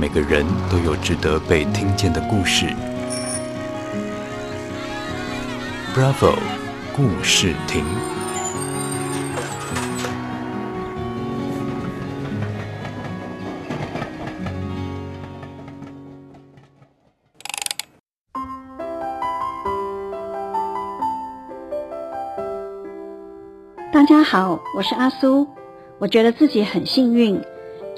每個人都有值得被聽見的故事。Bravo，故事亭。大家好，我是阿蘇，我覺得自己很幸運。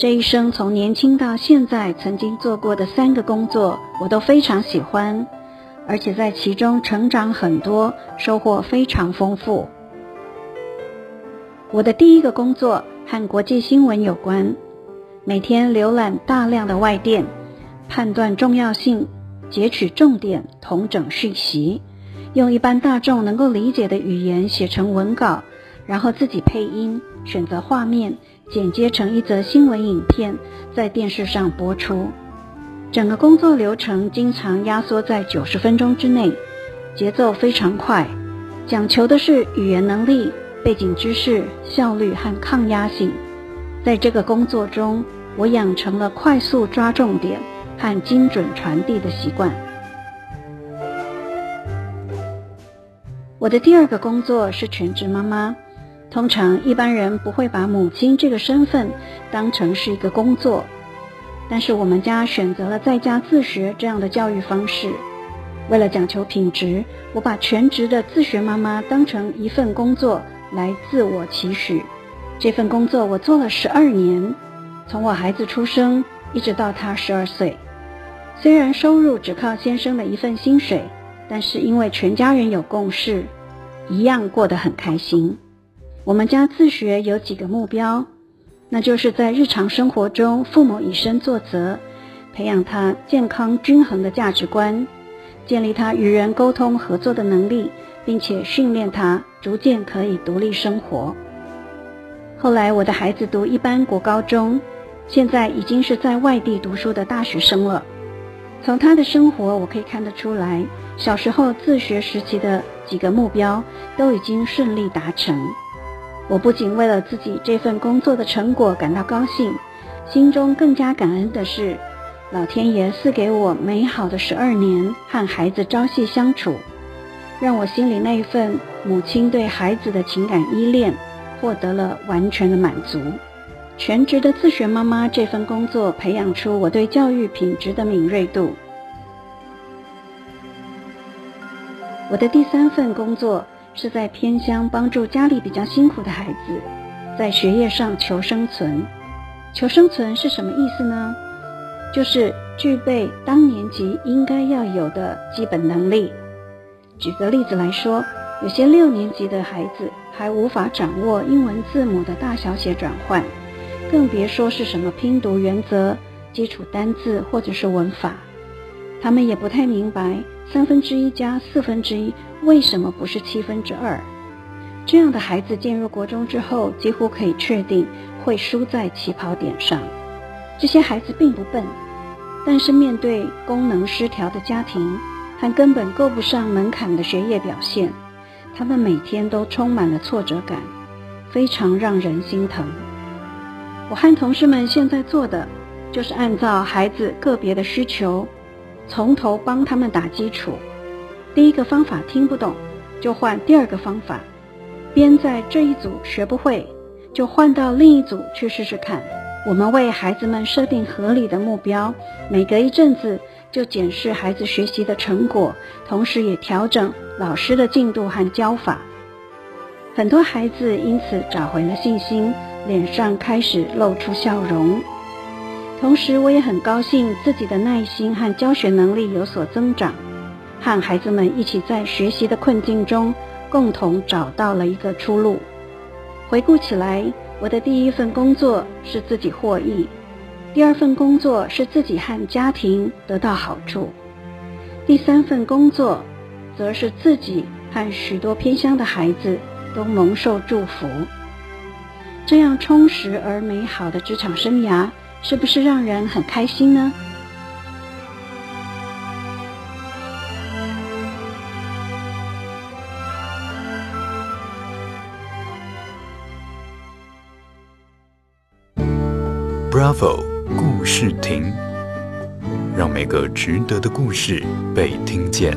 這一生從年輕到現在，曾經做過的三個工作，我都非常喜歡，而且在其中成長很多，收穫非常豐富。我的第一個工作和國際新聞有關，每天瀏覽大量的外電，判斷重要性，截取重點，統整訊息，用一般大眾能夠理解的語言寫成文稿。然後自己配音，選擇畫面剪接成一則新聞影片，在電視上播出。整個工作流程經常壓縮在九十分鐘之內，節奏非常快，講求的是語言能力、背景知識、效率和抗壓性。在這個工作中，我養成了快速抓重點和精準傳遞的習慣。我的第二個工作是全職媽媽。通常一般人不會把母親這個身份當成是一個工作，但是我們家選擇了在家自學這樣的教育方式。為了講求品質，我把全職的自學媽媽當成一份工作來自我期許。這份工作我做了十二年，從我孩子出生一直到他十二歲。雖然收入只靠先生的一份薪水，但是因為全家人有共識，一樣過得很開心。我們家自學有幾個目標，那就是在日常生活中，父母以身作則，培養他健康均衡的價值觀，建立他與人溝通合作的能力，並且訓練他逐漸可以獨立生活。後來我的孩子讀一般國高中，現在已經是在外地讀書的大學生了。從他的生活我可以看得出來，小時候自學時期的幾個目標都已經順利達成。我不僅為了自己這份工作的成果感到高興，心中更加感恩的是，老天爺賜給我美好的十二年和孩子朝夕相處，讓我心裡那一份母親對孩子的情感依戀獲得了完全的滿足。全職的自學媽媽這份工作培養出我對教育品質的敏銳度。我的第三份工作。是在偏鄉幫助家裡比較辛苦的孩子，在學業上求生存。求生存是什麼意思呢？就是具備當年級應該要有的基本能力。舉個例子來說，有些六年級的孩子還無法掌握英文字母的大小寫轉換，更別說是什麼拼讀原則、基礎單字或者是文法。他們也不太明白三分之一加四分之一。為什麼不是七分之二？這樣的孩子進入國中之後幾乎可以確定會輸在起跑點上。這些孩子並不笨，但是面對功能失調的家庭，和根本夠不上門檻的學業表現，他們每天都充滿了挫折感，非常讓人心疼。我和同事們現在做的，就是按照孩子個別的需求，從頭幫他們打基礎。第一個方法聽不懂，就換第二個方法；編在這一組學不會，就換到另一組去試試看。我們為孩子們設定合理的目標，每隔一陣子就檢視孩子學習的成果，同時也調整老師的進度和教法。很多孩子因此找回了信心，臉上開始露出笑容。同時，我也很高興自己的耐心和教學能力有所增長。和孩子們一起在學習的困境中，共同找到了一個出路。回顧起來，我的第一份工作是自己獲益，第二份工作是自己和家庭得到好處，第三份工作，則是自己和許多偏鄉的孩子都蒙受祝福。這樣充實而美好的職場生涯，是不是讓人很開心呢？Bravo 故事亭，讓每個值得的故事被聽見。